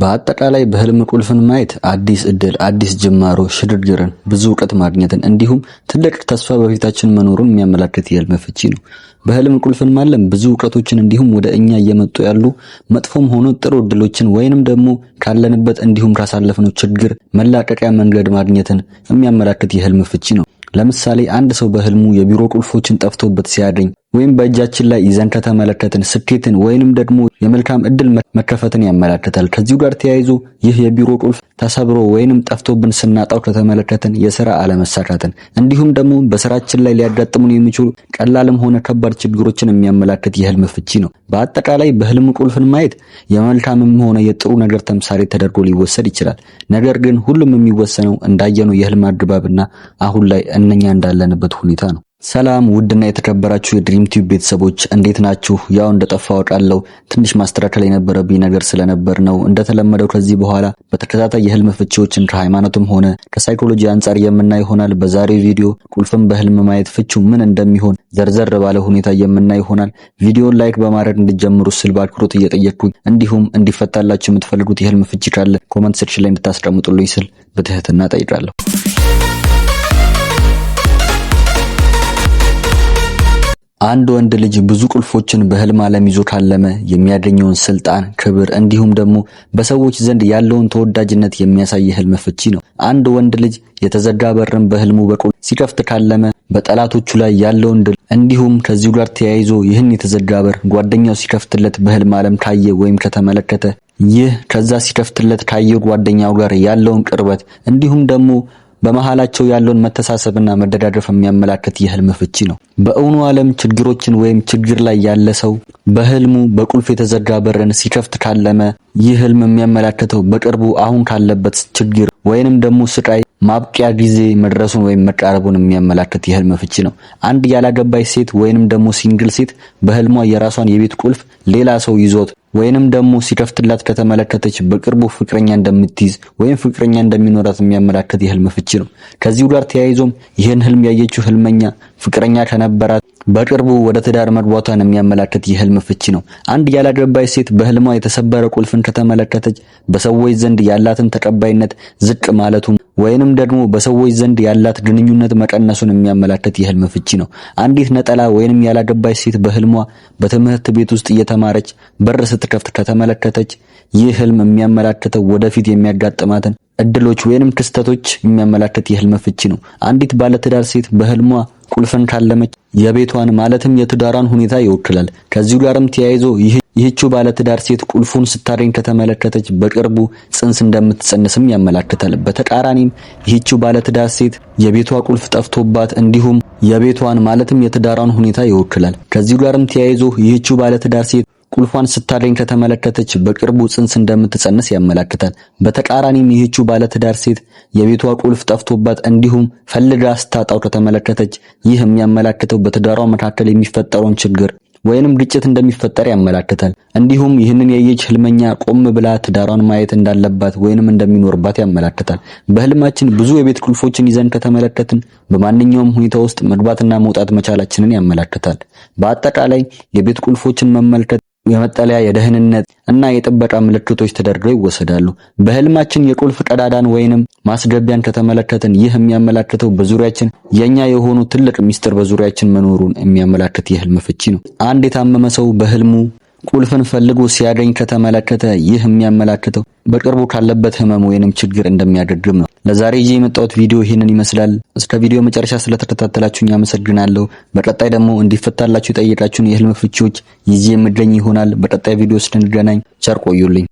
በአጠቃላይ በህልም ቁልፍን ማየት አዲስ እድል አዲስ ጅማሮ፣ ሽግግርን፣ ብዙ እውቀት ማግኘትን እንዲሁም ትልቅ ተስፋ በፊታችን መኖሩን የሚያመላክት የህልም ፍቺ ነው። በህልም ቁልፍን ማለም ብዙ እውቀቶችን እንዲሁም ወደ እኛ እየመጡ ያሉ መጥፎም ሆኖ ጥሩ ዕድሎችን ወይንም ደግሞ ካለንበት እንዲሁም ካሳለፍነው ችግር መላቀቂያ መንገድ ማግኘትን የሚያመላክት የህልም ፍቺ ነው። ለምሳሌ አንድ ሰው በህልሙ የቢሮ ቁልፎችን ጠፍቶበት ሲያገኝ ወይም በእጃችን ላይ ይዘን ከተመለከትን ስኬትን ወይንም ደግሞ የመልካም እድል መከፈትን ያመላክታል። ከዚሁ ጋር ተያይዞ ይህ የቢሮ ቁልፍ ተሰብሮ ወይንም ጠፍቶብን ስናጣው ከተመለከትን የስራ አለመሳካትን እንዲሁም ደግሞ በስራችን ላይ ሊያጋጥሙን የሚችሉ ቀላልም ሆነ ከባድ ችግሮችን የሚያመላክት የህልም ፍቺ ነው። በአጠቃላይ በህልም ቁልፍን ማየት የመልካምም ሆነ የጥሩ ነገር ተምሳሌ ተደርጎ ሊወሰድ ይችላል። ነገር ግን ሁሉም የሚወሰነው እንዳየነው የህልም አግባብና አሁን ላይ እነኛ እንዳለንበት ሁኔታ ነው። ሰላም ውድና የተከበራችሁ የድሪም ቲዩብ ቤተሰቦች እንዴት ናችሁ? ያው እንደጠፋ አውቃለሁ። ትንሽ ማስተካከል የነበረብኝ ነገር ስለነበር ነው። እንደተለመደው ከዚህ በኋላ በተከታታይ የህልም ፍቺዎችን ከሃይማኖትም ሆነ ከሳይኮሎጂ አንጻር የምናይ ይሆናል። በዛሬው ቪዲዮ ቁልፍም በህልም ማየት ፍቺው ምን እንደሚሆን ዘርዘር ባለ ሁኔታ የምናይ ይሆናል። ቪዲዮን ላይክ በማድረግ እንድጀምሩ ስል በአክብሮት እየጠየቅኩኝ እንዲሁም እንዲፈታላችሁ የምትፈልጉት የህልም ፍቺ ካለ ኮመንት ሴክሽን ላይ እንድታስቀምጡልኝ ስል በትህትና ጠይቃለሁ። አንድ ወንድ ልጅ ብዙ ቁልፎችን በህልም ዓለም ይዞ ካለመ የሚያገኘውን ስልጣን፣ ክብር እንዲሁም ደግሞ በሰዎች ዘንድ ያለውን ተወዳጅነት የሚያሳይ ህልም ፍቺ ነው። አንድ ወንድ ልጅ የተዘጋ በርን በህልሙ በቁል ሲከፍት ካለመ በጠላቶቹ ላይ ያለውን ድል እንዲሁም ከዚሁ ጋር ተያይዞ ይህን የተዘጋ በር ጓደኛው ሲከፍትለት በህልም ዓለም ካየ ወይም ከተመለከተ ይህ ከዛ ሲከፍትለት ካየው ጓደኛው ጋር ያለውን ቅርበት እንዲሁም ደግሞ በመሃላቸው ያለውን መተሳሰብና መደዳደፍ የሚያመላክት የህልም ፍቺ ነው። በእውኑ ዓለም ችግሮችን ወይም ችግር ላይ ያለ ሰው በህልሙ በቁልፍ የተዘጋ በርን ሲከፍት ካለመ ይህ ህልም የሚያመላክተው በቅርቡ አሁን ካለበት ችግር ወይንም ደግሞ ስቃይ ማብቂያ ጊዜ መድረሱን ወይም መቃረቡን የሚያመላክት የህልም ፍቺ ነው። አንድ ያላገባች ሴት ወይንም ደግሞ ሲንግል ሴት በህልሟ የራሷን የቤት ቁልፍ ሌላ ሰው ይዞት ወይንም ደግሞ ሲከፍትላት ከተመለከተች በቅርቡ ፍቅረኛ እንደምትይዝ ወይም ፍቅረኛ እንደሚኖራት የሚያመላክት የህልም ፍቺ ነው። ከዚሁ ጋር ተያይዞም ይህን ህልም ያየችው ህልመኛ ፍቅረኛ ከነበራት በቅርቡ ወደ ትዳር መግባቷን የሚያመላክት የህልም ፍቺ ነው። አንድ ያላገባች ሴት በህልሟ የተሰበረ ቁልፍን ከተመለከተች በሰዎች ዘንድ ያላትን ተቀባይነት ዝቅ ማለቱ ወይንም ደግሞ በሰዎች ዘንድ ያላት ግንኙነት መቀነሱን የሚያመላክት የህልም ፍቺ ነው። አንዲት ነጠላ ወይንም ያላገባች ሴት በህልሟ በትምህርት ቤት ውስጥ እየተማረች በር ስትከፍት ከተመለከተች ይህ ህልም የሚያመላክተው ወደፊት የሚያጋጥማትን እድሎች ወይንም ክስተቶች የሚያመላክት የህልም ፍቺ ነው። አንዲት ባለትዳር ሴት በህልሟ ቁልፍን ካለመች የቤቷን ማለትም የትዳሯን ሁኔታ ይወክላል። ከዚሁ ጋርም ተያይዞ ይህችው ባለትዳር ሴት ቁልፉን ስታገኝ ከተመለከተች በቅርቡ ጽንስ እንደምትጸንስም ያመላክታል። በተቃራኒም ይህችው ባለትዳር ሴት የቤቷ ቁልፍ ጠፍቶባት እንዲሁም የቤቷን ማለትም የትዳሯን ሁኔታ ይወክላል። ከዚሁ ጋርም ተያይዞ ይህችው ባለትዳር ሴት ቁልፏን ስታገኝ ከተመለከተች በቅርቡ ጽንስ እንደምትጸንስ ያመላክታል። በተቃራኒም ይህችው ባለትዳር ሴት የቤቷ ቁልፍ ጠፍቶባት እንዲሁም ፈልጋ ስታጣው ከተመለከተች ይህ የሚያመላክተው በትዳሯ መካከል የሚፈጠረውን ችግር ወይንም ግጭት እንደሚፈጠር ያመላክታል። እንዲሁም ይህንን ያየች ህልመኛ ቆም ብላ ትዳሯን ማየት እንዳለባት ወይንም እንደሚኖርባት ያመላክታል። በህልማችን ብዙ የቤት ቁልፎችን ይዘን ከተመለከትን በማንኛውም ሁኔታ ውስጥ መግባትና መውጣት መቻላችንን ያመላክታል። በአጠቃላይ የቤት ቁልፎችን መመልከት የመጠለያ፣ የደህንነት እና የጥበቃ ምልክቶች ተደርገው ይወሰዳሉ። በህልማችን የቁልፍ ቀዳዳን ወይንም ማስገቢያን ከተመለከትን ይህ የሚያመላክተው በዙሪያችን የኛ የሆኑ ትልቅ ሚስጥር በዙሪያችን መኖሩን የሚያመላክት የህልም ፍቺ ነው። አንድ የታመመ ሰው በህልሙ ቁልፍን ፈልጎ ሲያገኝ ከተመለከተ ይህ የሚያመላክተው በቅርቡ ካለበት ህመም ወይንም ችግር እንደሚያገግም ነው። ለዛሬ ይዤ የመጣሁት ቪዲዮ ይህንን ይመስላል። እስከ ቪዲዮ መጨረሻ ስለተከታተላችሁኝ አመሰግናለሁ። በቀጣይ ደግሞ እንዲፈታላችሁ የጠየቃችሁን የህልም ፍቺዎች ይዤ የምገኝ ይሆናል። በቀጣይ ቪዲዮ ስንገናኝ ቸር ቆዩልኝ።